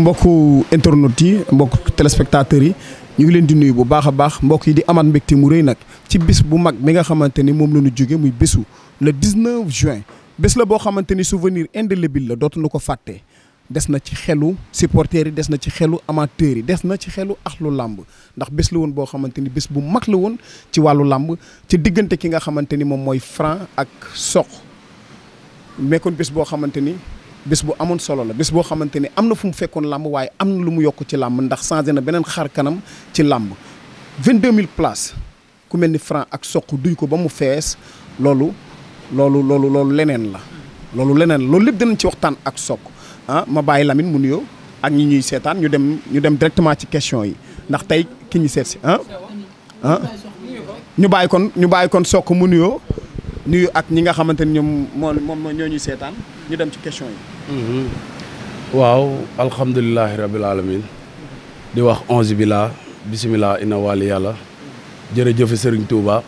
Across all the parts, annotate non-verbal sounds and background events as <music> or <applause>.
mbokku internautes yi mbokk téléspectateurs yi ñu ngi leen di nuyu bu baax a baax mbokk yi di amaat mbégte mu rëy nag ci bis bu mag mi nga xamante ni moom la ñu jóge muy bésu le 19 juin bés la boo xamante ni souvenir indélébile la dootuñu ko fàtte des na ci xelu supporters yi des na ci xelu amateurs yi des na ci xelu axlu làmb ndax bés la woon boo xamante ni bés bu mag la woon ci wàllu làmb ci diggante ki nga xamante ni moom mooy Franc ak Sokh nekkoon bés boo xamante ni bés bu amoon solo la bés boo xamante ni am na fu mu fekkoon làmb waaye am na lu mu yokk ci làmb ndax changé na beneen xar kanam ci làmb vingt mille place ku mel ni franc ak soq duy ko ba mu fees loolu loolu loolu loolu leneen la. loolu leneen loolu lépp dinañ ci waxtaan ak soq ah ma bàyyi Lamine mu nuyoo ak ñi ñuy seetaan ñu dem ñu dem directement ci question yi ndax tey ki ñu seet si ah. ah ñu bàyyi kon ñu bàyyi kon soq mu nuyoo. nuyu ak ñi nga xamante ni ñoom moom moom ñoo ñuy seetaan ñu dem ci question yi. Mhm. waaw alhamdulilahi rabil alamin di wax onze bi laa bisimilah ina waali yàlla jërëjëfe sëriñ Touba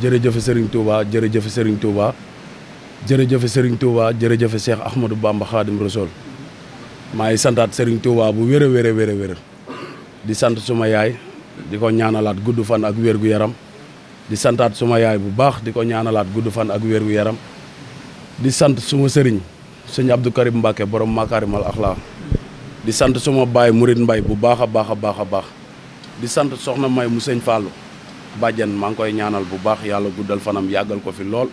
jërëjëfe sëriñ Touba jërëjëfe sëriñ Touba jërëjëfe sëriñ Touba jërëjëfe Cheikh Ahmadou Bamba Khadim Rasoul maa ngi santaat sëriñ Touba bu wér a wér a wér a wér di sant suma yaay di ko ñaanalaat gudd fan ak wér gu yaram di santaat suma yaay bu baax di ko ñaanalaat gudd fan ak wérgu yaram di sant suma sëriñ sëñ Abdou Karim Mbacke borom Makarimal Akhlaq di sant suma baay Mouride mbay bu baax a baax a baax a baax di sant soxna May mu sëñ Fallou bàjjan maa ngi koy ñaanal bu baax yàlla guddal fanam yàggal ko fi lool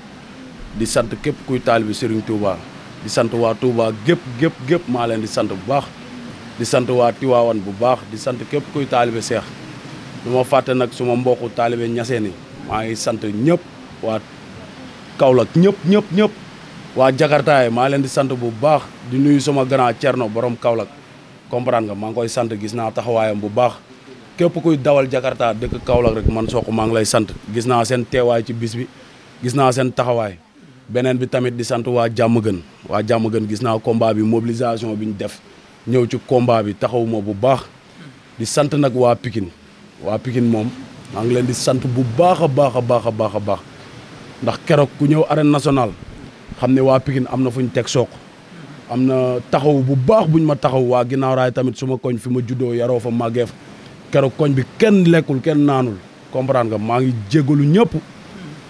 di sant képp kuy taalibi Serigne Touba di sant waa Touba gépp gépp gépp maa leen di sant bu baax di sant waa Tiwaawan bu baax di sant képp kuy taalibe seex du ma fàtte nag suma mbokku taalibe ñaseen yi maa ngi sant ñëpp waa Kaolack ñëpp ñëpp ñëpp waa Jakarta maa leen di sant bu baax di nuyu sama grand Thierno borom Kaolack comprendre nga maa ngi koy sant gis naa taxawaayam bu baax képp kuy dawal Jakarta dëkk Kaolack rek man Sokh maa ngi lay sant gis naa seen teewaay ci bis bi gis naa seen taxawaay beneen bi tamit di sant waa jàmm gën waa jàmm gën gis naa combat bi mobilisation bi ñu def ñëw ci combat bi taxawuma bu baax di sant nag waa Pikine waa Pikine moom maa leen di sant bu baax a a baax a baax a baax ndax keroog ku ñëw arène nationale xam ne waa Pikine am na fu ñu teg sook am na taxaw bu baax buñ ma taxaw waa ginnaaw tamit su koñ fi ma juddoo yaroo fa màggee keroog koñ bi kenn lekkul kenn naanul comprendre nga maa ngi jégalu ñëpp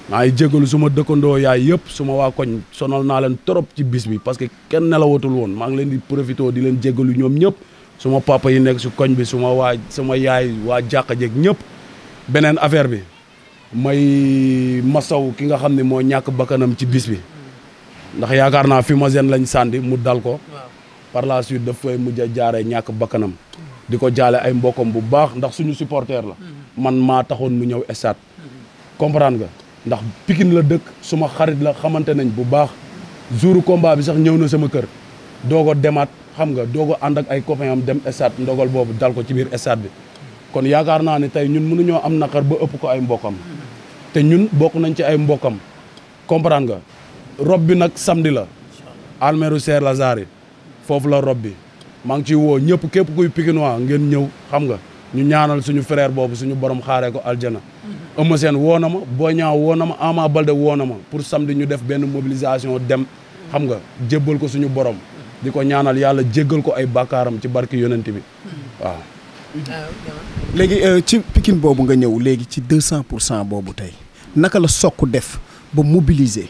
maa ngi jégalu suma ma dëkkandoo yaay yëpp suma waa koñ sonal naa leen trop ci bis bi parce que kenn nelawatul woon maa ngi leen di profité di leen jégalu ñoom ñëpp suma ma yi nekk si koñ bi su waa su yaay waa jàkka jeeg ñëpp beneen affaire bi may masaw ki nga xam ne moo ñàkk bakkanam ci bis bi ndax yaakaar naa fi ma seen lañ sànni mu dal ko par la suite daf fay mujj a jaaree ñàkk bakkanam di ko jaale ay mbokkam bu baax ndax suñu supporter la mm-hmm. man maa taxoon mu ñëw stade mm-hmm. comprendre nga ndax Pikine la dëkk suma xarit la xamante nañ bu baax jouru combat bi sax ñëw na sama kër doog a demaat xam nga doog a ànd ak ay copain am dem stade ndogal boobu dal ko ci biir stade bi kon yaakaar naa ne tey ñun mënuñoo am naqar ba ëpp ko ay mbokkam te ñun bokk nañ ci ay mbokkam comprendre nga rob bi nag samedi la almeeru Ser Lazare foofu la rob bi maa ngi ciy woo ñëpp képp kuy Pikinois ngeen ñëw xam nga ñu ñaanal suñu frère boobu suñu borom xaaree ko aljana Eumeu Sène woo na ma Boy Niang woo na ma Ama Baldé woo na ma pour samedi ñu def benn mobilisation dem xam nga jébbal ko suñu borom di ko ñaanal yàlla jéggal ko ay bàkkaaram ci barki yonent bi waaw léegi euh, ci Pikine boobu nga ñëw léegi ci deux cent pour cent boobu tey naka la Sokk def ba mobiliser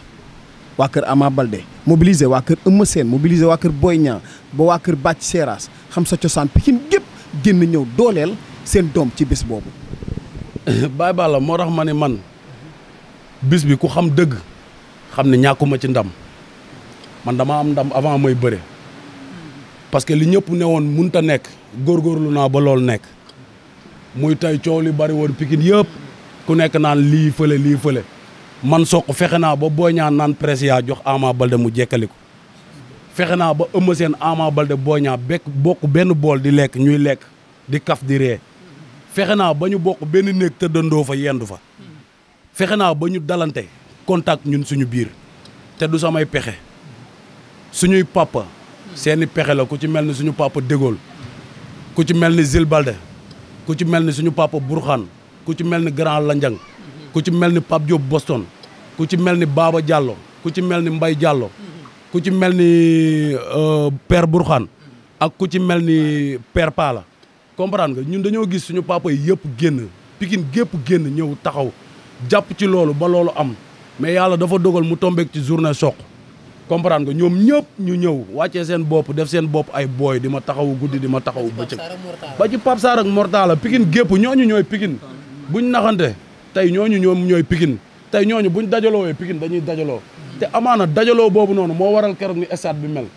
waa kër Ama Baldé mobiliser waa kër Eumeu seen mobiliser waa kër Boy Niang ba waa kër Bathie Seras xam sa cosaan Pikine gépp génn ñëw dooleel seen doom ci bis boobu <coughs> Baye Balla moo tax ma ne man bis bi ku xam dëgg xam ne ñàkkuma ci ndam man dama am ndam avant mooy bëre parce que li ñëpp ne woon mënut a nekk góorgóorlu naa ba loolu nekk muy tey coow li bari woon Pikine yëpp ku nekk naan lii fële lii fële man soq fexe naa ba Boy Niang naan presse yaa jox Ama Baldé mu jekkali ko fexe naa ba Eumeu Sène Ama Baldé Boy Niang bekk bokk benn bool di lekk ñuy lekk di kaf di ree fexe naa ba ñu bokk benn néeg tëddandoo fa yendu fa fexe naa ba ñu dalante contact ñun suñu biir te du samay pexe suñuy papa seeni pexe la ku ci mel ni suñu papa Dégol ku ci mel ni Zil ku ci mel ni suñu papa Burxaan ku ci mel ni Grand Lanjang ku ci mel ni Pape Diop Boston ku ci mel ni baaba Diallo ku ci mel ni Mbay Diallo ku ci mel ni euh, per Burxaan ak ku ci mel ni Père Pala comprendre nga ñun dañoo gis suñu papa yi yëpp génn Pikine gépp génn ñëw taxaw jàpp ci loolu ba loolu am mais yàlla dafa dogal mu tombeek ci journée soq comprendre ñoom ñëpp ñu ñëw wàccee seen bopp def seen bopp ay booy di ma taxawu guddi di ma taxawu bëccëg ba ci Pape Sarr ak Mortala Pikine gépp ñooñu ñooy pikin buñ naxante tey ñooñu ñoom ñooy pikin tey ñooñu buñ dajaloowee Pikine dañuy dajaloo te amaana dajaloo boobu noonu moo waral keroog ni stade bi mel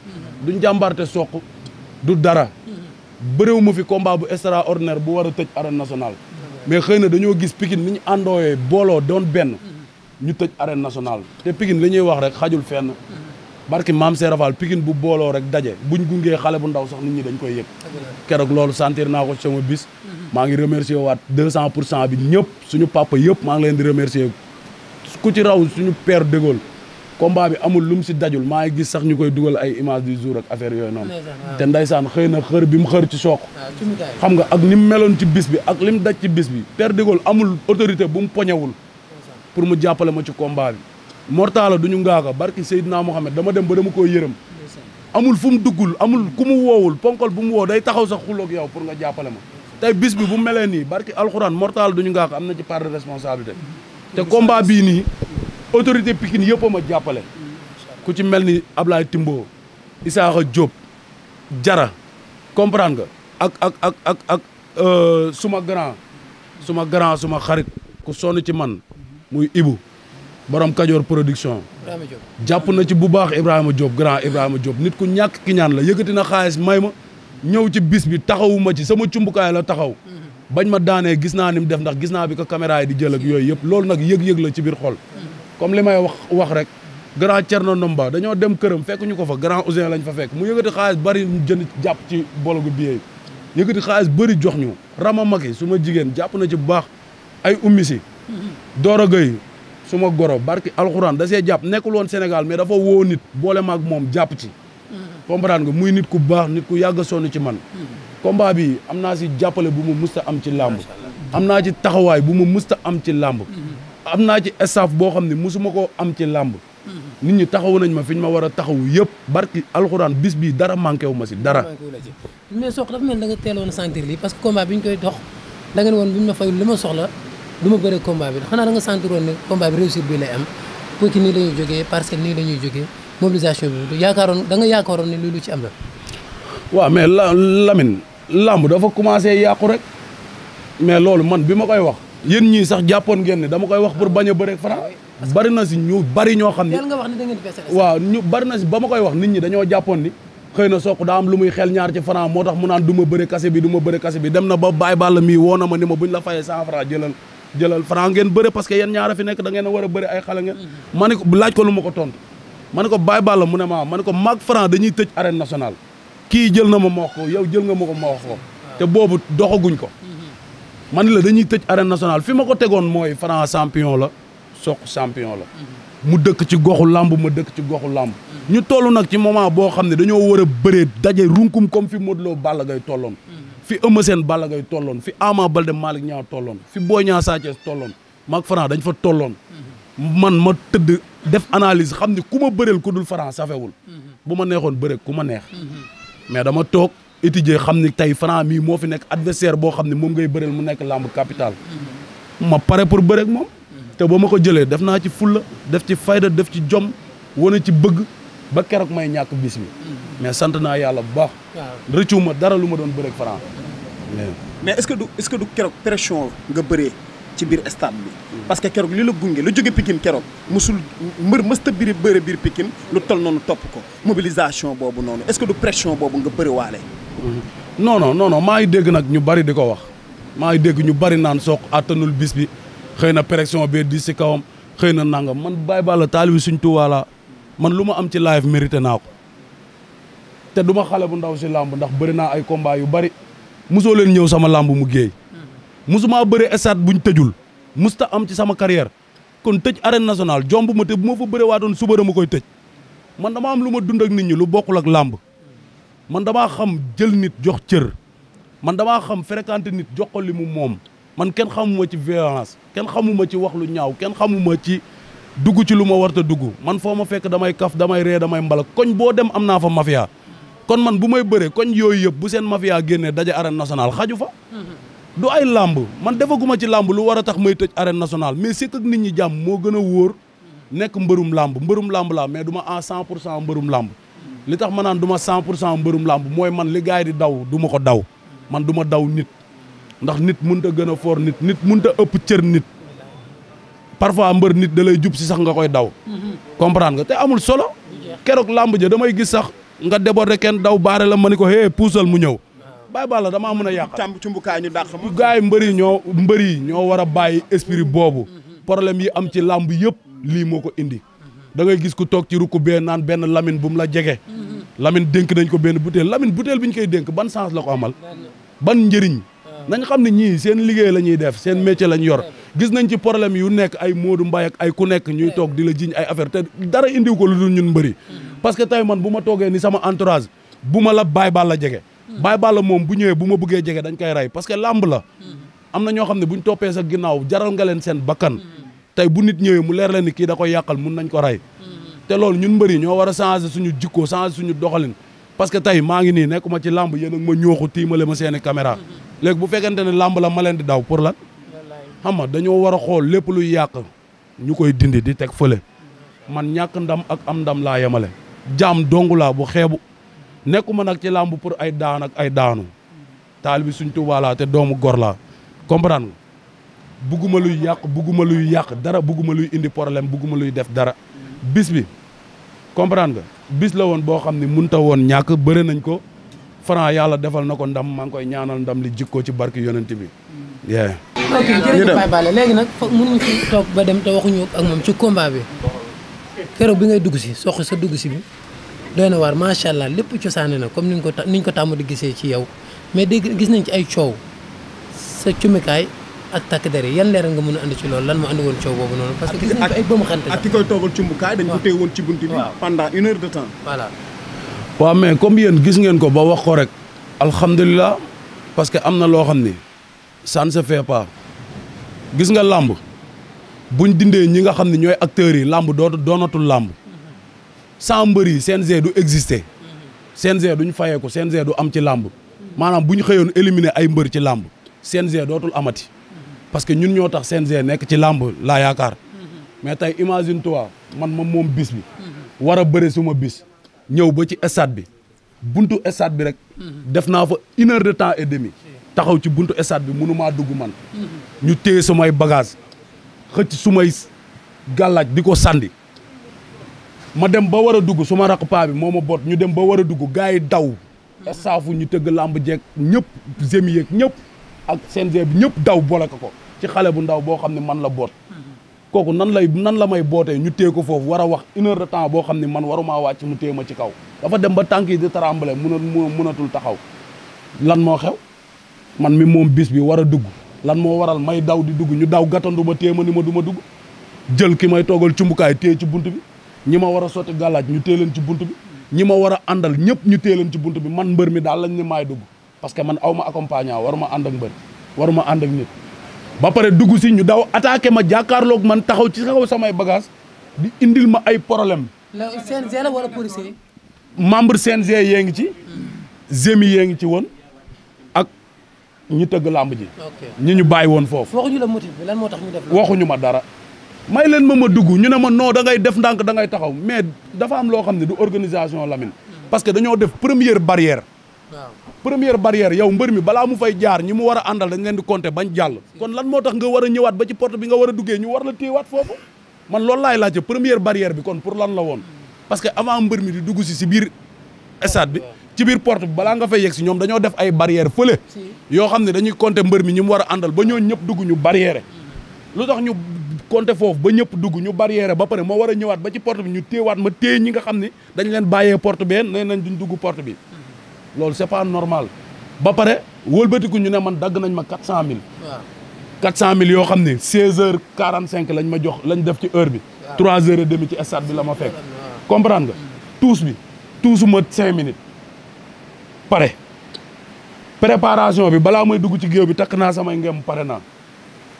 duñ jàmbarte soq du dara bëréew ma fi combat bu ordinair bu war a tëj arène nationale mais xëy na dañoo gis Pikine ni ñu àndooyee booloo doon benn ñu tëj arène nationale Pikine li ñuy wax rek xajul fenn barki maam Serafal Pikine bu booloo rek daje buñ gungee xale bu ndaw sax nit ñi dañ koy yëg keroog loolu sentir naa ko ci sama bis mhm. maa ngi remercier waat deux cent pour cent bi ñëpp suñu papa yëpp maa ngi leen di remercier ku ci raw suñu per de Gaulle bi amul lu mu si dajul maa ngi gis sax ñu koy dugal ay image du jour ak affaire yooyu noonu te ndaysaan xëy na xër bi mu xër ci sook xam nga ak ni mu meloon ci bis bi ak li mu daj ci bis bi père de amul autorité bu mu poñewul pour mu jàppale ma ci combat bi mortala du ñu ngaaka barki Seydina Mohamed dama dem ba dama koy yërëm amul fu mu duggul amul ku mu woowul ponkol bu mu woow day taxaw sax xuloog yow pour nga jàppale ma tey bis bi bu melee nii barki alxuraan mortala du ñu ngaaka am na ci part de te combat bii nii autorité Pikine yëpp a ma jàppale ku ci mel ni Ablaye Timbo Isaaxa Diop jara comprendre nga ak ak ak ak euh, suma grand suma grand suma xarit ku sonn ci man muy Ibu borom Kajoor production. jàpp na ci bu baax Ibrahima Diop grand Ibrahima Diop nit ku ñàkk ki ñaan la yëkkati na xaalis may ma ñëw ci bis bi taxawuma ci sama cumbukaay la taxaw. Mhm. bañ ma daanee gis naa ni mu def ndax gis naa bi ko caméra di jël ak yooyu yëpp loolu nag yëg-yëg la ci biir xol. Mhm. comme li may wax wax rek. grand Thierno Ndomba dañoo dem këram fekk ñu ko fa grand Ousin lañ fa fekk mu yëkkati xaalis bari ñu jënd jàpp ci bologu billet yi yëkkati xaalis bëri jox ñu rama magi su ma jigéen jàpp na ci bu baax ay ummi si. Mhm. Doro suma goro barki alxuraan da see jàpp nekkul woon Sénégal mais dafa woo nit boole maag moom jàpp ci. comprendre nga muy nit ku baax nit ku yàgga a sonn ci man. combat bi am naa si jàppale bu ma musta am ci làmb. am naa ci taxawaay bu mu musta am ci làmb. am naa ci staff boo xam ne musuma koo am ci làmb. nit ñi taxawu nañ ma fi ñu ma war a taxawu yëpp barki alxuraan bis bii dara manqué wu ma si dara. mais sox dafa mel da nga teeloon que combat bi ñu koy dox da ngeen ma soxla. du ma bëre combat bi xanaa da nga sentiroon ne combat bi réussite la jógee parcelle nii la ñuy jógee mobilisation yaakaaroon da nga yaakaaroon ne loolu ci am la. waaw mais la Lamine làmb dafa commencé yàqu rek mais loolu man bi ma koy wax yéen ñii sax jàppoon ngeen ne dama koy wax pour bañ a bëre Franc bari na si ñu bari ñoo xam ne nga wax ne da ngeen waaw ñu bari na si ma koy wax nit ñi dañoo jàppoon ni xëy na Sokh daa am lu muy xel ñaar ci Franc moo tax mu naan du ma bëre kase bi du ma bëre kase bi dem na ba Baye Balla mii woo na ma ni ma buñ la fayee cent franc jëlal jëlal franc ngeen bëre parce que yéen ñaara fi nekk da ngeen a a bëre ay xale ngeen mhm. ma ne ko laaj ko lu ma ko tontu ma ne ko Baye Balla mu ne ma ma ne ko maag franc dañuy tëj arène nationale kii jël na ma ma ko yow jël nga ma ko ma wax ko ah. te boobu doxaguñ ko mhm. man la dañuy tëj arène nationale fi ma ko tegoon mooy franc champion la soq champion la mhm. mu dëkk ci goxu lamb ma dëkk ci goxu làmb ñu toll nag ci moment boo xam ne dañoo war a bëree daje runkum comme fi Modou Lo Balla Gaye tolloon fi Eumeu Sène Balla Gaye tolloon fi Ama Baldé Malick Niang tolloon fi boo Niang Sa Thiès tolloon maag Franc dañ fa tolloon man ma tëdd def analyse xam ni ku ma bëreel ku dul Franc safewul bu ma neexoon bëre ku ma neex mais dama toog étudier xam ni tey Franc mii moo fi nekk adversaire boo xam ne moom ngay bëreel mu nekk lamb capital ma pare pour bëreek moom te boo ma ko jëlee def naa ci fulla def ci fayda def ci jom wane ci bëgg ba keroog may ñàkk bis bi. mais sant naa yàlla bu baax. rëccu ma dara lu ma doon bëreeg Franc. mais est-ce que du est-ce que du keroog pression nga bëree ci biir stade bi. parce que keroog li la gunge la jóge Pikine keroog musul mbër mësta biri bëre biir Pikine lu tol noonu topp ko mobilisation boobu noonu est-ce que du pression boobu nga bëri waale. Mm-hmm. non non non maa ngi dégg nag ñu bari di ko wax maa ngi dégg ñu bari naan sook attanul bis bi xëy na pression bee di si kawam xëy na nangam man man lu ma am ci live mérité naa ko te du ma xale bu ndaw si làmb ndax bëri naa ay combat yu bari mosoo leen ñëw sama làmb mu géey mosumaa bëri stade buñ tëjul musta am ci sama carrière kon tëj arène nationale jomb ma te bu ma fa bëri waatoon suba dama koy tëj man dama am lu ma dund ak nit ñi lu bokkul ak làmb man damaa xam jël nit jox cër man damaa xam fréquenté nit jox ko li mu moom man kenn xamuma ci violence kenn xamuma ci wax lu ñaaw kenn xamuma ci dugg ci lu ma warta dugg man foo ma fekk damay kaf damay ree damay mbalak koñ boo dem am naa fa mafia kon man bu may bëree koñ yooyu yëpp bu seen mafia génnee daje arène nationale xaju fa mm-hmm. du ay làmb man defaguma ci làmb lu war a tax may tëj arène nationale mais c'est que nit ñi jàmm moo gën a wóor nekk mbërum làmb mbërum làmb laa mais duma ma en cent pour cent mbërum làmb mm-hmm. li tax ma naan duma ma cent pour cent mbërum làmb mooy man li gars yi di daw du ma ko daw man duma ma daw nit ndax nit mënut a gën a foor nit nit mënut a ëpp cër nit parfois mbër nit da lay jub si sax nga koy daw. Mm-hmm. comprendre nga te amul solo. keroog làmb ja damay gis sax nga déborder kenn daw baare la ma ni ko hee puusal mu ñëw. bàyyi bala damaa mën a yàqal tàmb cumbukaay ñu dàq ma. gars yi mbëri ñoo mbëri ñoo war a bàyyi esprit mm-hmm. boobu. Mm-hmm. problème yi am ci làmb yëpp lii moo ko indi. da ngay gis ku toog ci rukku bee naan benn lamine bu mu la jege. lamine dénk nañ ko benn buteel lamine butéel bi ñu koy dénk ban sens la ko amal. ban njëriñ. Ah. nañ xam ne ñii seen liggéey la ñuy def seen métier lañ yor. gis nañ ci problème yu nekk ay Modou Mbaye ak ay ku nekk ñuy toog di la jiñ ay affaire te dara indiw ko lu dul ñun mbëri parce que tey man bu ma toogee ni sama entourage bu ma la Baye Balla jege Baye Balla moom bu ñëwee bu ma bëggee jege dañ koy ray parce que làmb la am na ñoo xam ne buñ toppee sa ginnaaw jaral nga leen seen bakkan tey bu nit ñëwee mu leer leen ni kii da koy yàqal mun nañ ko ray te loolu ñun mbëri ñoo war a suñu jikko changer suñu doxalin parce que tey maa ngi nii nekkuma ci làmb yéen ak ma ñooxu tiimale ma seeni caméra léegi bu fekkente ne làmb la ma leen di daw pour lan xam nga dañoo war a xool lépp luy yàq ñu koy dindi di teg fële man ñàkk ndam ak am ndam laa yemale. jaam dongu laa bu xeebu nekku nekkuma nag ci làmb pour ay daan ay daanu taalibi suñ Tuubaa doomu gor laa comprendre nga bugguma luy yàq bugguma luy yàq dara bugguma luy indi problème bugguma luy def dara bis bi comprendre bis la woon boo xam ne mënta woon ñàkk bëre nañ ko. Franc yàlla defal na ko ndam maa ngi koy ñaanal ndam li jikkoo ci barke yonent bi. ok jërëjëf Baye léegi nag toog ba dem te waxuñu ak moom ci komba bi keroog bi ngay dugg si sox sa dugg si bi doy na waar macha allah lépp cosaane na comme niñ ko niñ ko tàmm di gisee ci yow mais dégg gis nañ ci ay coow sa cumikaay ak takk der yi yan leeral nga mën a andi ci loolu lan moo andi woon coow boobu noonu. parce que gis nañ ko ay bëmm xante ak waa mais comme yéen gis ngeen ko ba wax ko rek alhamdulilah parce que am na loo xam ni ça ne se fait gis nga làmb buñ dindee ñi nga xam ne ñooy acteurs yi làmb dootu doonatul làmb sans mbër yi CNG du exister CNG duñ fayeeku CNG du am ci làmb maanaam bu ñu xëyoon éliminer ay mbër ci làmb CNG dootul amati parce que ñun ñoo tax CNG nekk ci làmb laa yaakaar mais tey imagine toi man ma moom bis bi war a bëre suma bis ñëw ba ci stade bi buntu stade bi rek. def naa fa une de temps et demi. taxaw ci buntu stade bi mënumaa dugg man. ñu téye sumay bagage xëcc sumay gàllaaj di ko sànni. ma dem ba war a dugg suma raq paa bi moo ma boot ñu dem ba war a dugg gars yi daw. saafu ñu tëgg làmb jeeg ñëpp zemi yeeg ñëpp ak CNG bi ñëpp daw boole ko ci xale bu ndaw boo xam ne man la boot. kooku nan lay nan la may bootee ñu téye ko foofu war a wax une heure temps boo xam ni man warumaa wàcc mu téye ci kaw dafa dem ba tànk yi di tarambale mun mënatul taxaw lan moo xew man mi moom bis bi war a dugg lan moo waral may daw di dugg ñu daw gàttandu ma téye ma ni ma du ma dugg jël ki may toogal cumbukaay téye ci bunt bi ñi ma war a sotti gàllaaj ñu téye leen ci bunt bi ñi ma war a àndal ñëpp ñu téye leen ci bunt bi man mbër mi daal lañ ne maay dugg parce que man aw ma accompagnant waruma ànd ak mbër waruma ànd ak nit ba pare dugg si ñu daw attaqué ma jàkkaarloog man taxaw ci kaw samay bagage di indil ma ay problème la CNG la wala policier membre CNG yee ngi ci. Zemi yee ngi ci woon ak ñi tëgg làmb ji. ñi ñu bàyyi woon foofu. waxuñu la motif bi lan moo tax ñu def waxuñu ma dara. may leen ma ma dugg ñu ne ma non dangay def ndànk da ngay taxaw mais dafa am loo xam ne du organisation Lamine. Hmm. parce que dañoo def première barrière. waaw. première barrière yow mbër mi balaa mu fay jaar ñi mu war a àndal dañ leen di compter bañ jàll. kon lan moo tax nga war a ñëwaat ba ci porte bi a duggee ñu war la téyewaat foofu man loolu laay laajte première barrière bi kon pour lan la woon parce que avant mbër mi di dugg si si biir stade ci biir porte bi balaa nga fay yegg si ñoom dañoo def ay barrière fële yoo xam ne dañuy compter mbër mi ñi mu war a àndal ba ñoo ñëpp dugg ñu lu tax ñu compter foofu ba ñëpp dugg ñu barrière ba pare moo war a ñëwaat ba ci porte bi ñu téewaat ma téye ñi nga xam ne dañ leen bàyyee porte been nee nañ duñ dugg porte bi loolu c'est pas normal ba pare wëlbatiku ñu ne man dagg nañ ma quatre cent mille quatre cent mille yoo xam ne seize heures quarante cinq lañ ma jox lañ def ci bi trois heures et demi ci stade bi ma fekk comprendre nga bi tuusu ma cinq minutes pare préparation bi balaa may dugg ci géew bi takk naa samay ngem pare naa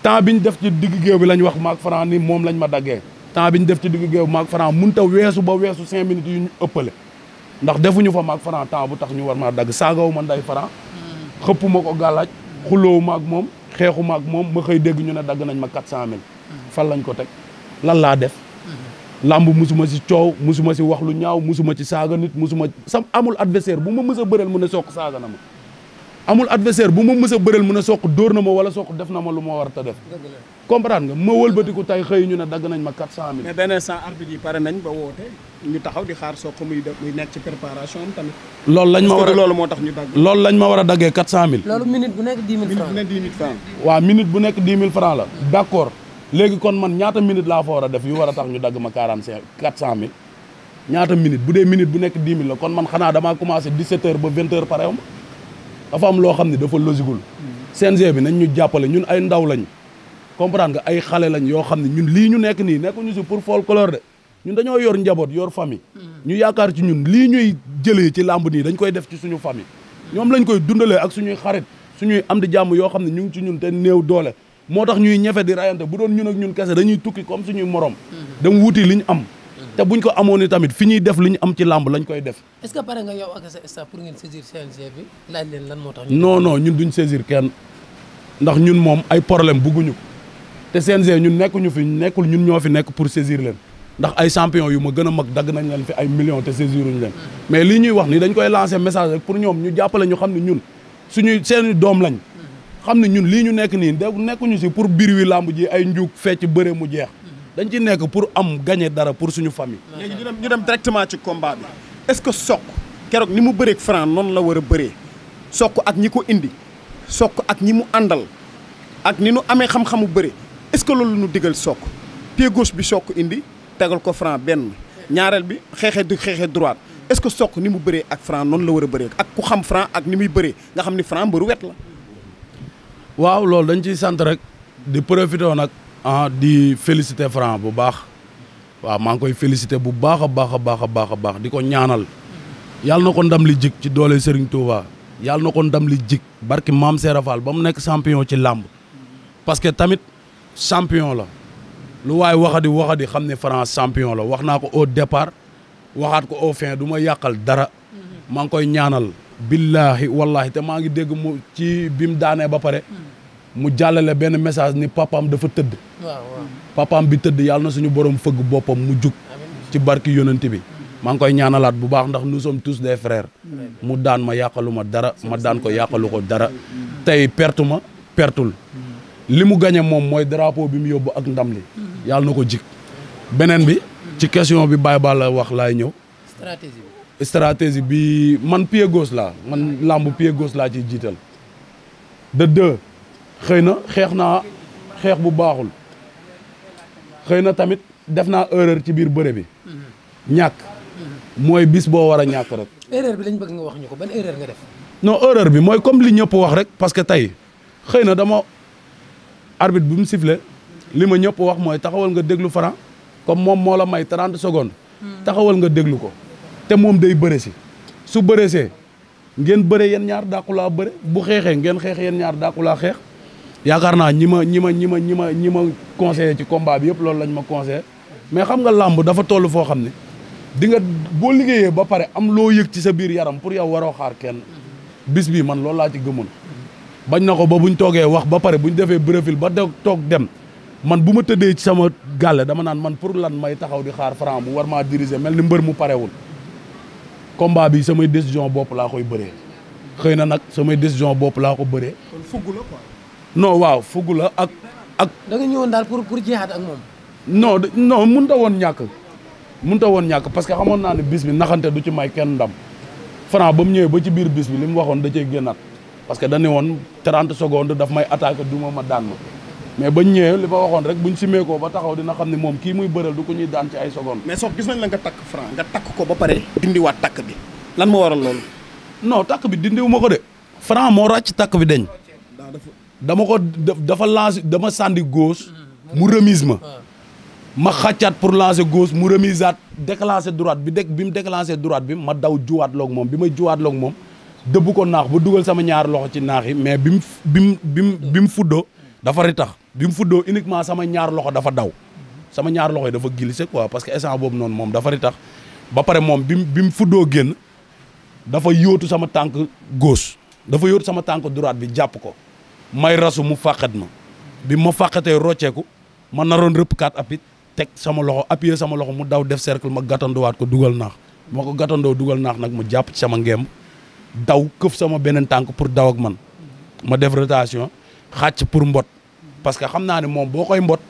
temps bi ñu def ci digg bi lañ wax maak Franc ni moom lañ ma daggee temps bi ñu def ci digg géew bi maak Franc mun ta weesu ba weesu cinq minutes yu ñu ëppale ndax defuñu fa maak Franc temps bu tax ñu war maa dagg saagawu ma nday Franc xëppuma ko gàllaaj xuloowu maak moom xeexu maag moom ma xëy dégg ñu ne dagg nañ ma quatre cent mille fan lañ ko teg lan laa def làmb musuma ci coow musuma si wax lu ñaaw musuma ci saaga nit musuma sam amul adversaire bu ma mës a bëreel mu ne sook saaga na ma amul adversaire bu ma mës a bëreel mën a soq dóor na ma wala soq def na ma lu ma war a def. comprendre nga ma wëlbatiku tay xëy ñu ne dagg nañ ma 400000. mais beneen cent arbitre yi pare nañ ba loolu lañ ma war a loolu moo tax ñu dagg. ma war a daggee 400000. loolu minute bu nekk minute bu nekk 10 000 la. d'accord léegi kon man ñaata minute laa fa war a def yu war a tax ñu dagg ma 45 400000 ñaata minute bu dee minute bu nekk 10 la kon man xanaa damaa commencé 17 heures ba 20 heures pare dafa am loo xam ne dafa logiqueul CNG bi nañ ñu jàppale ñun ay ndaw lañ comprendre nga ay xale lañ yoo xam ne ñun lii ñu nekk nii ñu si pour folklore de ñun dañoo yor njaboot yor famille mm. ñu yaakaar ci ñun lii ñuy jëlee ci làmb nii dañ koy def ci suñu famille ñoom lañu koy dundalee ak suñuy xarit suñuy am di jàmm yoo xam ne ñu ngi ci ñun te néew doole moo tax ñuy ñefe di rayante bu doon ñun ak ñun kese dañuy tukki comme suñuy morom mm. dem wuti liñ am te buñ ko amoon i tamit fi ñuy def li ñu am ci làmb lañ koy def. est que pare nga yow ak sa staff pour ngeen leen lan moo tax. non ñun duñ saisir kenn ndax ñun moom ay problème bugguñu ko te CNG ñun nekkuñu fi nekkul ñun ñoo fi nekk pour saisir leen ndax ay champion yu ma gën a mag dagg nañ leen fi ay millions te saisiruñ leen. mais lii ñuy wax ni dañ koy lancer message rek pour ñoom ñu jàppale ñu xam ne ñun suñuy seeni doom lañ. xam ne ñun lii ñu nekk nii de nekkuñu si pour biir wi làmb ji ay njuug fecc bëre mu jeex. dañu ci nekk pour am gagner dara pour suñu famille. léegi ñu dem ñu directement ci combat bi est-ce que Sokh keroog ni mu bëreeg Franc noonu la war a bëree Sokh ak ñi ko indi Sokh ak ñi mu àndal ak ni nu amee xam-xamu bëre est-ce que loolu nu digal Sokh pied gauche bi Sokh indi tegal ko Franc benn ñaareel bi xeexee du xeexee droite est-ce que Sokh ni mu bëree ak Franc noonu la war a bëree ak ku xam Franc ak ni muy bëree nga xam ni Franc mbëru wet la. waaw loolu dañ ciy sant rek di profité nag. ah di féliciter Franc bu baax waaw maa ngi koy féliciter bu baax a baax a baax a baax a baax di ko ñaanal yàlla na ko ndam li jik ci doole Serigne Touba yàlla na ko ndam li jik barki maam Serap Fall ba mu nekk champion ci làmb parce que tamit champion la lu waaye waxadi waxadi xam ne Franc champion la wax naa ko au départ waxaat ko au fin du ma yàqal dara mhm. maa ngi koy ñaanal. billahi wallahi te maa ngi dégg mu ci bi mu daanee ba pare. mu jàllale benn message ni papaam dafa tëdd. papaam bi tëdd yàlla na suñu borom fëgg boppam mu jug. ci barki yonent bi. maa ngi koy ñaanalaat bu baax ndax nu sommes tous des frères. mu daan ma yàqalu ma dara ma daan ko yàqalu ko dara. tey pertu ma pertul. li mu gañe moom mooy drapeau bi mu yóbbu ak ndam li. yàlla na ko jig beneen bi. ci question bi Baye Balla wax laay ñëw. stratégie bi. man pied gauche laa man làmb pied gauche laa ciy jiital. de xëy na xeex naa xeex bu baaxul xëy na tamit def naa erreur ci biir bëre bi ñàkk mooy bis boo war a ñàkk rek. erreur bi lañ bëgg nga wax ñu ko ban erreur def. non erreur bi mooy comme li ñëpp wax rek parce que tey xëy na dama arbitre bi mu sifflé li ma ñëpp wax mooy taxawal nga déglu Franc comme moom moo la may 30 secondes. Hmm. taxawal nga déglu ko. te moom day bëre si su bëre see ngeen bëre yeen ñaar dàqu laa bëre bu xeexee ngeen xeex yeen ñaar dàqu laa xeex. yaakaar naa ñi ma ñi ma ñi ma ñi ma ñi ma conseillé ci combat bi yëpp loolu lañ ma conseillé mais xam nga làmb dafa toll foo xam ne di nga boo liggéeyee ba pare am loo yëg ci sa biir yaram pour yow waroo xaar kenn bis bii man loolu laa ci gëmoon bañ na ko ba buñ toogee wax ba pare bu ñu defee brefil ba toog dem man bu ma tëddee ci sama gàlle dama naan man pour lan may taxaw di xaar franc bu war maa diriger mel ni mbër mu parewul combat bi samay décision bopp laa koy bëree xëy na nag samay décision bopp laa ko bëree. la non waaw fugu la ak ak. da nga ñëwoon daal pour pour jeexaat ak moom. non non mënut a woon ñàkk mënut a woon ñàkk parce que xamoon naa ne bis bi naxante du ci may kenn ndam Franc ba mu ñëwee ba ci biir bis bi li mu waxoon da cey génnaat parce que dañu ne woon 30 secondes daf may attaqué du ma ma daan ma mais bañ ñëwee li ma waxoon rek buñ simee ko ba taxaw dina xam ni moom kii muy bëral du ko ñuy daan ci ay secondes. mais sox gis nañ la nga takk Franc nga takk ko ba pare. dindiwaat takk bi lan moo waral loolu. non takk bi dindiwu ma ko de. Franc moo ràcc takk bi deñ. dama ko dafa lancer dama sànni gauche mu remise ma ma xàccaat pour lancer gauche mu remisaat déclencher droite bi deg bi mu déclencher droite bi ma daw juwaat loog moom bi ma juwaat moom dëbb ko naax ba dugal sama ñaar loxo ci naax yi mais bi mu bi mu bi mu bi mu fuddoo dafa ritax bi mu fuddoo uniquement sama ñaar loxo dafa daw sama ñaar loxo yi dafa glissé quoi parce que instant boobu noonu moom dafa ritax ba pare moom bi mu bi mu fuddoo génn dafa yóotu sama tànk gauche dafa yóotu sama tànk droite bi jàpp ko may rasu mu fàqat ma bi ma fàqatee rocceeku ma naroon rëpp kat apit teg sama loxo appuyer sama loxo mu daw def cercle ma gàttandowaat ko dugal naax ma ko gàttandoo dugal naax nag ma jàpp ci sama ngemb daw këf sama beneen tànk pour daw ak man ma def rotation xàcc pour mbot parce que xam naa ne moom boo koy mbot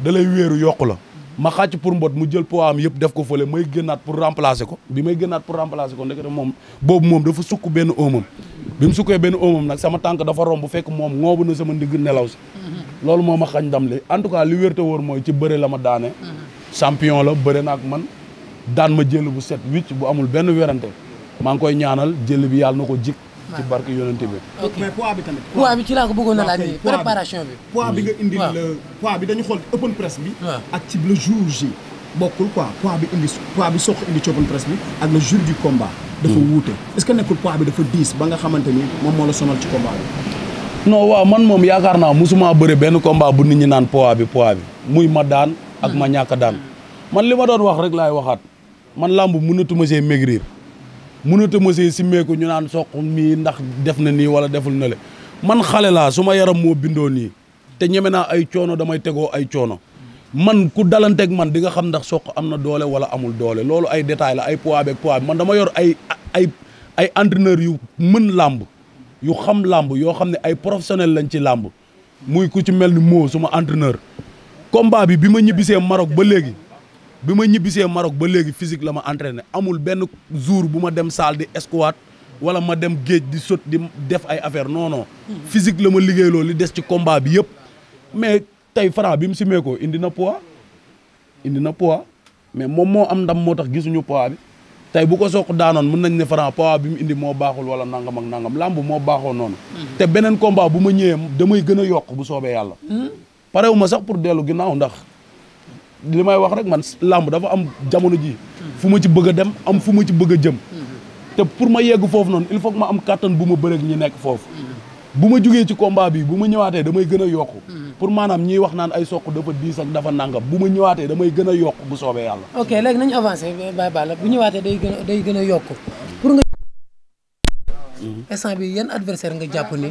da lay wéeru yokku la ma xàcc pour mbot mu jël poids am yëpp def ko fële may génnaat pour remplacer ko bi may génnaat pour remplacer ko ndekete moom boobu moom dafa sukk benn oomam bi mu sukkee benn omam nag sama tànk dafa bu fekk moom ngoobu na sama ndigg nelaw si mhm. loolu moo a xañ dam li en tout cas li wérte wóor mooy ci bëre la ma daane mhm. champion la bëre naak man daan ma jël bu set wicc bu amul benn werante maa ngi koy ñaanal jël bi yàlla na ko jik ci barke yonent bi. ok mais poids bi tamit. poids bi ci a hmm. euh, xool open bokkul quoi poids bi indi poids bi soq indi ci open press bi ak le jour du combat. dafa hmm. wuute est-ce que bi dafa diis ba nga xamante ni moom moo la sonal ci combat bi. non man moom yaakaar naa musuma bëre benn combat bu nit ñi naan poids bi poids bi muy ma daan. ak ma ñàkk daan. Hmm. man li ma doon wax rek laay waxaat man lamb làmb mënatuma see maigrir. mënata ma simmee ku ñu naan soq mii ndax def na nii wala deful na le man xale laa su ma yaram moo bindoo nii te ñeme naa ay coono damay tegoo ay coono man ku dalanteeg man di nga xam ndax soq am na doole wala amul doole loolu ay détail la ay poids beeg poids man dama yor ay ay ay entraîneur yu mën làmb yu xam làmb yoo xam ne ay professionnel lañ ci làmb muy ku ci mel ni moo suma entraîneur combat bi bi ma ñibbisee Maroc ba léegi bi ma ñibbisee Maroc ba léegi physique la ma entraîné amul benn jour bu ma dem salle di squat wala ma dem géej di sot di def ay affaire non non. Hmm. la ma liggéey loolu li des ci combat bi yëpp. mais tey Franc bi mu simee ko indi na poids indi na poids mais moom moo am ndam moo tax gisuñu poids bi tey bu ko soq daanoon mën nañ ne Franc poids bi mu indi moo baaxul wala nangam ak nangam làmb moo baaxoo noonu. Hmm. te beneen combat bu ma ñëwee damay gën a yokk bu soobee yàlla. Hmm. parewu ma sax ndax. li may wax rek man làmb dafa am jamono ji fu ma ci bëgg a dem am fu ma ci bëgg a jëm te pour ma yegg foofu noonu il faut ma am kàttan bu ma bëreeg ñi nekk foofu bu ma jógee ci combat bi bu ma ñëwaatee damay gën a yokk pour maanaam ñiy wax naan ay soq dafa diis ak dafa nangam bu ma ñëwaatee damay gën a yokk bu soobee yàlla ok léegi nañu avancé Baye Balla bu ñëwaatee day gën a day gën a yokk pour nga mhm. instant bi yan adversaire nga jàpp ni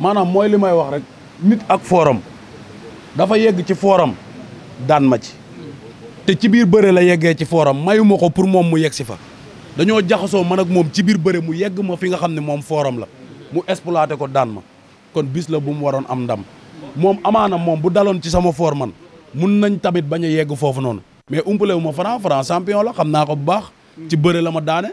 maanaam mooy li may wax rek nit ak fooram dafa yegg ci fooram daan ma ci te ci biir bëre la yeggee ci fooram mayuma ko pour moom mu yegg si fa dañoo jaxasoo man ak moom ci biir bëre mu yegg ma fi nga xam ne moom fooram la mu exploité ko daan ma kon bis la bu mu waroon am ndam moom amaana moom bu daloon ci sama foor man mun nañ tamit bañ a yegg foofu noonu mais umpale wu ma Franc Franc la xam naa ko bu baax ci bëre la ma daane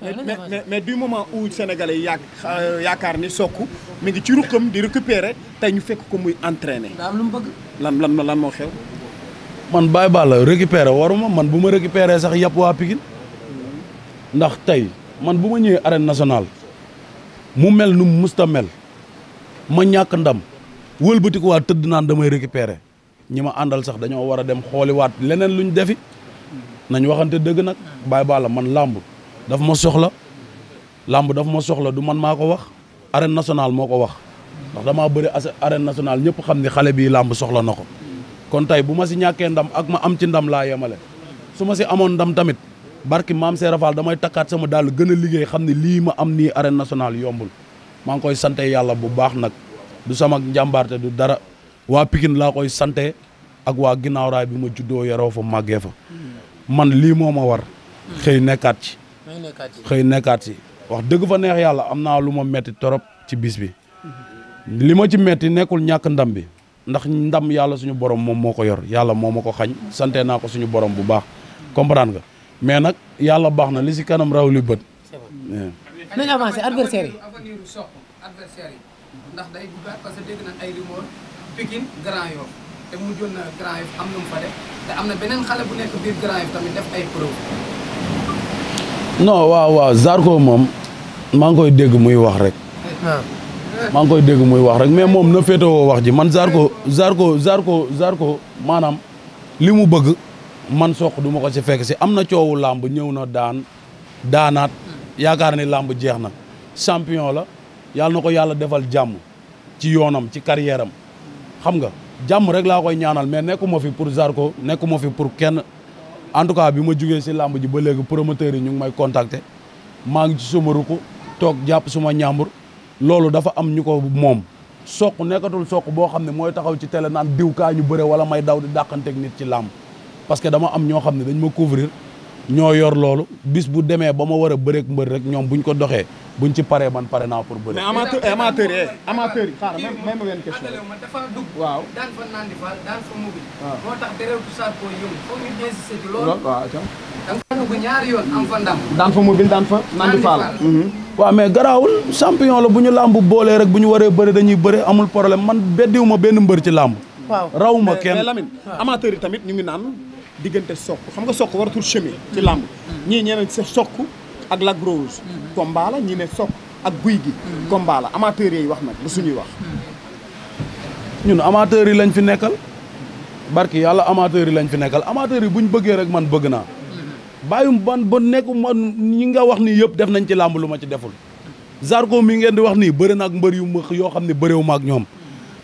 Euh, mais mais mais du moment où sénégalais yi euh, yaakaar ni Sokh mi ngi ci ruqam di récupérer tey ñu fekk ko muy entraîner. daa lu mu bëgg. lan lan lan moo xew. man Baye Balla récupérer waruma man bu ma récupérer sax yàpp waa Pikine ndax tey man bu ma ñëwee arène nationale mu mel num musta mel ma ñàkk ndam wëlbati ko tëdd naan damay récupérer ñi ma àndal sax dañoo war a dem xooliwaat leneen luñ defi nañ waxante dëgg nag Baye Balla man làmb dafa ma soxla làmb daf ma soxla du man maa ko wax arène nationale moo ko wax ndax damaa bëri arène nationale ñëpp xam ni xale bii làmb soxla na ko kon tey bu ma si ñàkkee ndam ak ma am ci ndam laa yemale su ma si amoon ndam tamit barki maam Serafal damay takkaat sama dàll gën a liggéey xam ne lii ma am nii arène nationale yombul maa ngi koy sante yàlla bu baax nag du sama njàmbaarte du dara waa Pikine laa koy sante ak waa ginaaw raay bi ma juddoo yaroo fa màggee fa man lii moo ma war xëy nekkaat ci xëy nekkaat si wax dëgg fa neex yàlla am naa lu ma metti torop ci bis bi li ma ci metti nekkul ñàkk ndam bi ndax ndam yàlla suñu borom moom moo ko yor yàlla moo ma ko xañ sante naa ko suñu borom bu baax comprendre nga mais nag yàlla baax na li si kanam raw li bët non waaw waaw Zarko moom maa ngi koy dégg muy wax rek. Ah. maa ngi koy dégg muy wax rek mais moom na féetewoo wax ji man Zarko Zarko Zarko Zarko maanaam li mu bëgg man soq du ko si fekk si am na coowu làmb ñëw na daan daanaat yaakaar ni làmb jeex na champion la yàlla na ko yàlla defal jàmm ci yoonam ci carrière am xam nga jàmm rek laa koy ñaanal mais nekkuma fi pour Zarko nekkuma fi pour kenn. en tout cas bi ma jugee si làmb ji ba léegi promoteurs yi ñu ngi may contacter maa ngi ci suma ruku toog jàpp suma ñàmbur loolu dafa am ñu ko moom soq nekkatul soq boo xam ne mooy taxaw ci télé naan diw kaa ñu bëre wala may daw di dàqanteeg nit ci làmb parce que dama am ñoo xam ne dañu ma couvrir ñoo yor loolu bis bu demee ba ma war a bëreeg mbër rek ñoom buñ ko doxee buñ ci paree man pare naa pour bëri. mais amateur eh, amateur yi eh, amateur yi xaaral même même benn question. dafa fa naan ah. di mhm. mais garaawul champion la bu ñu làmb boolee rek bu ñu waree bëri dañuy bëri amul problème man beddiwuma benn mbër ci làmb. waaw ma kenn mais Lamine ah. amateur yi tamit ñu ngi naan. diggante soq xam nga soq waratul chemin ci làmb ñii ñee ne sa ak Lac Rose combat la ñii ne soq ak guy gi combat la amateurs yi wax nag lu suñuy wax ñun amateurs yi lañ fi nekkal barki yàlla amateurs lañ fi nekkal amateurs yi buñ bëggee rek man bëgg naa bàyyum ban ba nekku man ñi nga wax ni yëpp def nañ ci làmb lu ma ci deful Zarko mi ngeen di wax nii bëri na ak mbër yu ma yoo xam ne bëréew ma ak ñoom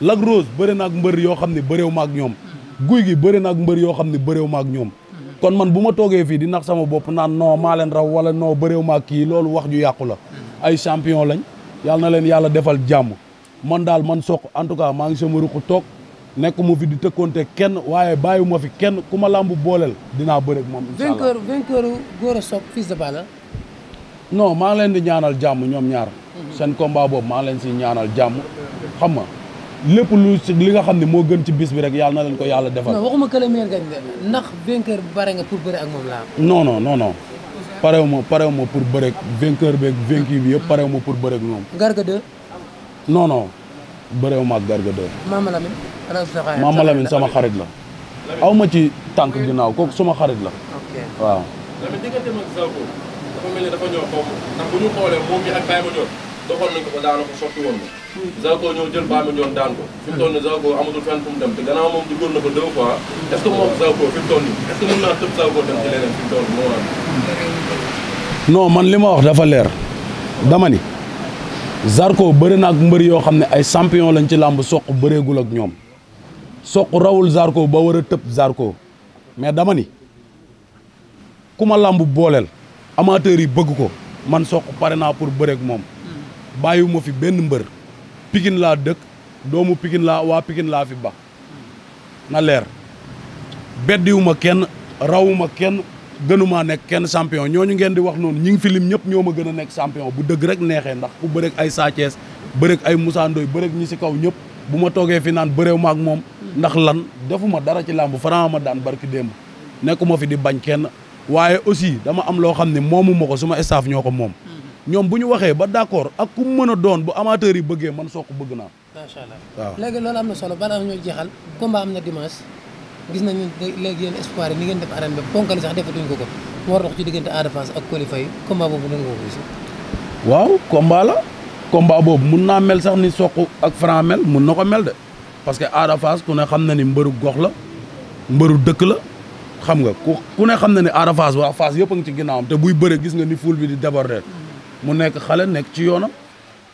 Lac Rose bëri na ak mbër yoo xam ne bëréew ma ak ñoom guy gi bëri na ak mbër yoo xam ne bëréew ma ak ñoom kon man bu ma toogee fii di nax sama bopp naan noo maa leen raw wala noo bëréew ma kii loolu wax ju yàqu la ay champion lañ yàlla na leen yàlla defal jàmm man daal man soq en tout cas maa ngi sama ruq toog nekk mu fi di tëkkoonte kenn waaye bàyyi ma fi kenn ku ma làmb booleel dinaa bëre ak moom incha allah maa leen di ñaanal jàmm ñoom ñaar mhm. seen combat boobu maa leen si ñaanal jàmm xam nga lépp lu li nga xam ne moo gën ci bis bi rek yàlla na leen ko yàlla defar non waxuma que le maire gañ ndax vainqueur bi bare nga pour bëre ak moom laa. non non non non parewuma parewuma pour bëre ak vainqueur beeg vaincu bi yëpp parewuma pour bëre ak moom. Garga 2. bërewuma ak Garga 2. Mama sama xarit la. aw ma ci tànk ginnaaw kooku suma xarit la. ko ba daanaka sotti Zarko man li ma wax dafa leer damani ni Zarko bëri na mbër yoo xam ne ay champion lañ ci làmb soq bëreegul ñoom soq rawul Zarko ba war a tëb Zarko mais dama ni ku ma làmb booleel amateurs yi bëgg ko man soq pare naa pour bëreeg moom bàyyiwuma fi benn mbër Pikine laa dëkk doomu Pikine laa waa Pikine laa fi ba na leer beddiwuma kenn rawuma kenn gënumaa nekk kenn champion ñooñu ngeen di wax noonu ñi ngi fi lim ñëpp ñoo ma gën nekk champion bu dëgg rek neexee ndax ku bërek ay Sa Thiès ay Moussa Ndoye bërek ñi si kaw ñëpp bu ma toogee fi naan bëréew ma ak moom ndax lan defuma dara ci làmb Franc ma daan barki démb nekkuma fi di bañ kenn waaye aussi dama am loo xam ne moomuma ko suma staff ñoo ko moom ñoom bu ñu waxee ba d'accord ak ku mën a doon bu amateur yi bëggee man soog bëgg naa. macha allah waaw léegi loolu am na solo balaa ñoo jeexal combat am na dimanche gis nañu léegi yéen espoir yi ni ngeen def arène bi ponkali sax defatuñ ko ko mu war dox ci diggante Ada Fass ak Coly Faye combat boobu nan ko gis. waaw combat la combat boobu mun naa mel sax ni soq ak Franc mel mun na ko mel de parce que Ada Fass ku ne xam na ni mbëru gox la mbëru dëkk la. xam nga ku ku xam na ne Ada Fass waa Fass yëpp a ngi ci ginnaawam bëre gis nga ni foule bi di déborder mu nekk xale nekk ci yoonam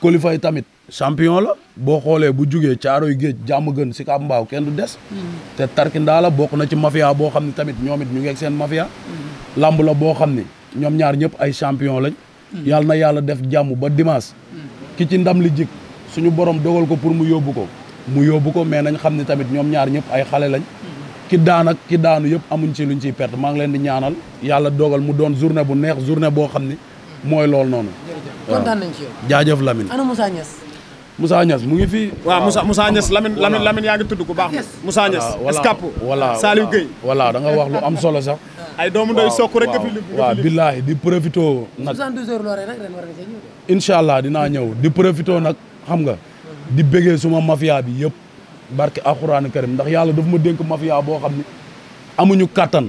Coly Faye tamit champion la boo xoolee bu jugee caaroy géej jàmm gën si kaab mbaaw kenn du des mm. te tarkindaa la bokk na ci mafia boo xam ne tamit ñoom it ñu ngeeg seen mafia mm. lamb boo xam ni ñoom ñaar ñëpp ay champion lañ mm. yàlla na yàlla def jàmm ba dimanche ki ci ndam li jik suñu borom dogal ko pour mu yóbbu ko mu yóbbu ko mais nañ xam ne tamit ñoom ñaar ñëpp ay xale lañ ki daanak ak ki daanu yëpp amuñ ci luñ ciy perte maa ngi leen di ñaanal yàlla dogal mu doon journée bu neex journée boo xam ni mooy loolu noonu. waaw kontaan nañ ci jaajëf Lamine ana Moussa Niass. Moussa mu ngi fi. waaw Moussa Moussa Niass Lamine Lamine Lamine yaa ngi tudd ku baax. Moussa Niass escape. voilà Saliou Gueye. voilà da nga wax lu am solo sax. ay doomu ndoy sokk rek. waaw waaw billaahi di profito. nag 72 incha allah dinaa ñëw di profito nag xam nga. di bëggee suma mafia bi yëpp. barke alxuraan karim ndax yàlla daf ma dénk mafia boo xam ni amuñu kattan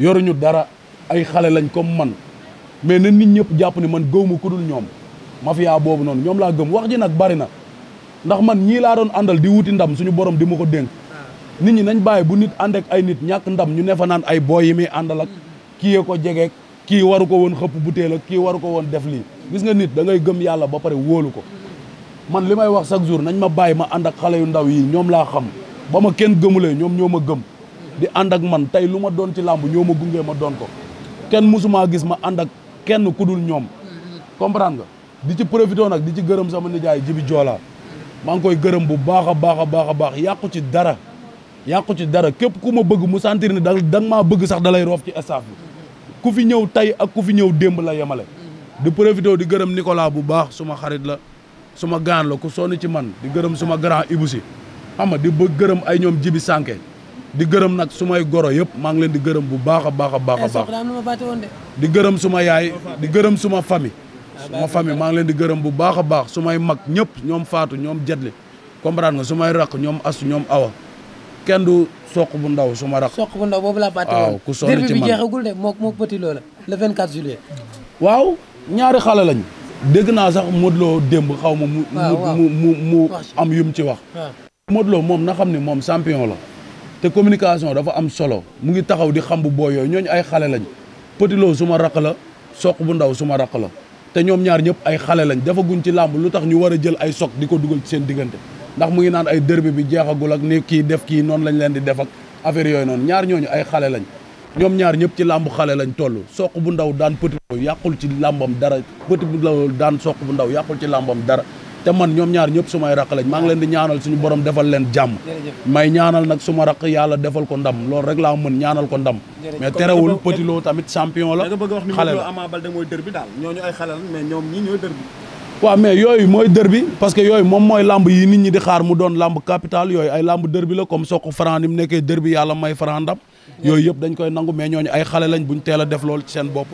yoruñu dara ay xale lañ kom man mais na nit ñëpp jàpp ni man gëw ma ku dul ñoom mafia boobu noonu ñoom laa gëm wax ji nag bari na ndax man ñii laa doon àndal di wuti ndam suñu borom di ma ko dénk ah. nit ñi nañ bàyyi bu nit ànd ay nit ñàkk ndam ñu ne fa naan ay booy yi muy àndal ak kii yee ko jegeek kii waru ko woon xëpp butéel ak kii waru ko woon def lii gis nga nit da ngay gëm yàlla ba pare wóolu ko man li may wax chaque jour nañ ma bàyyi ma ànd ak xale yu ndaw yi ñoom laa xam ba ma kenn gëmulee ñoom ñoo ma gëm di ànd ak man tey lu ma doon ci làmb ñoo ma gungee ma doon ko kenn musumaa gis ma ànd ak kenn ku dul ñoom comprendre nga di ci profité nag di ci gërëm sama nijaay jibi joolaa maa ngi koy gërëm bu baax a baax a baax a baax yàqu ci dara yàqu ci dara képp ku ma bëgg mu sentir ni da nga maa bëgg sax dalay roof ci staff bi ku fi ñëw tey ak ku fi ñëw démb la yemale di profité di gërëm Nicolas bu baax suma xarit la suma gaan la ku sonn ci man di gërëm suma grand Ibou si di ba gërëm ay ñoom jibi sànke di gërëm nag su may goro yëpp maa ngi leen di gërëm bu baax a baax a baax a eh, baax di gërëm suma yaay di gërëm suma famille ah, suma maa ngi leen di gërëm bu baax a baax su may mag ñëpp ñoom faatu ñoom jetli comprendre nga su may raq ñoom asu ñoom awa kenn du soq bu ndaw su ma raq soq bu ndaw boobu laa fàtte waaw ku sonn ci man bi jeexagul de moo moo petit loola le waaw ñaari xale lañu dégg naa sax Modou Lo démb xaw ma mu mu mu mu am yum ci wax Modou Lo moom na xam ne moom champion la te communication dafa am solo mu ngi taxaw di xam bu booy yooyu ñooñu ay xale lañ Petit Lo suma raq la soq bu ndaw suma raq la te ñoom ñaar ñëpp ay xale lañ defaguñ ci làmb lu tax ñu war a jël ay soq di ko dugal ci seen diggante ndax mu naan ay derby bi jeexagul ak ni kii def kii noonu lañ leen di def affaire yooyu noonu ñaar ñooñu ay xale lañ ñoom ñaar ñëpp ci làmb xale lañ toll soq bu ndaw daan Petit Lo yàqul ci làmbam dara Petit Lo daan soq bu ndaw yàqul ci làmbam dara te man ñoom ñaar ñëpp sumay raq lañ maa ngi leen di ñaanal suñu borom defal leen jàmm may ñaanal nag suma raq yàlla defal ko ndam loolu rek laa mën ñaanal ko ndam mais terewul Petit Lo tamit champion la xale la mais ñoom la comme soo ko Franc nekkee dër yàlla may Franc ndam yooyu yëpp dañ koy nangu mais ñooñu ay xale lañ buñ teel a def loolu seen bopp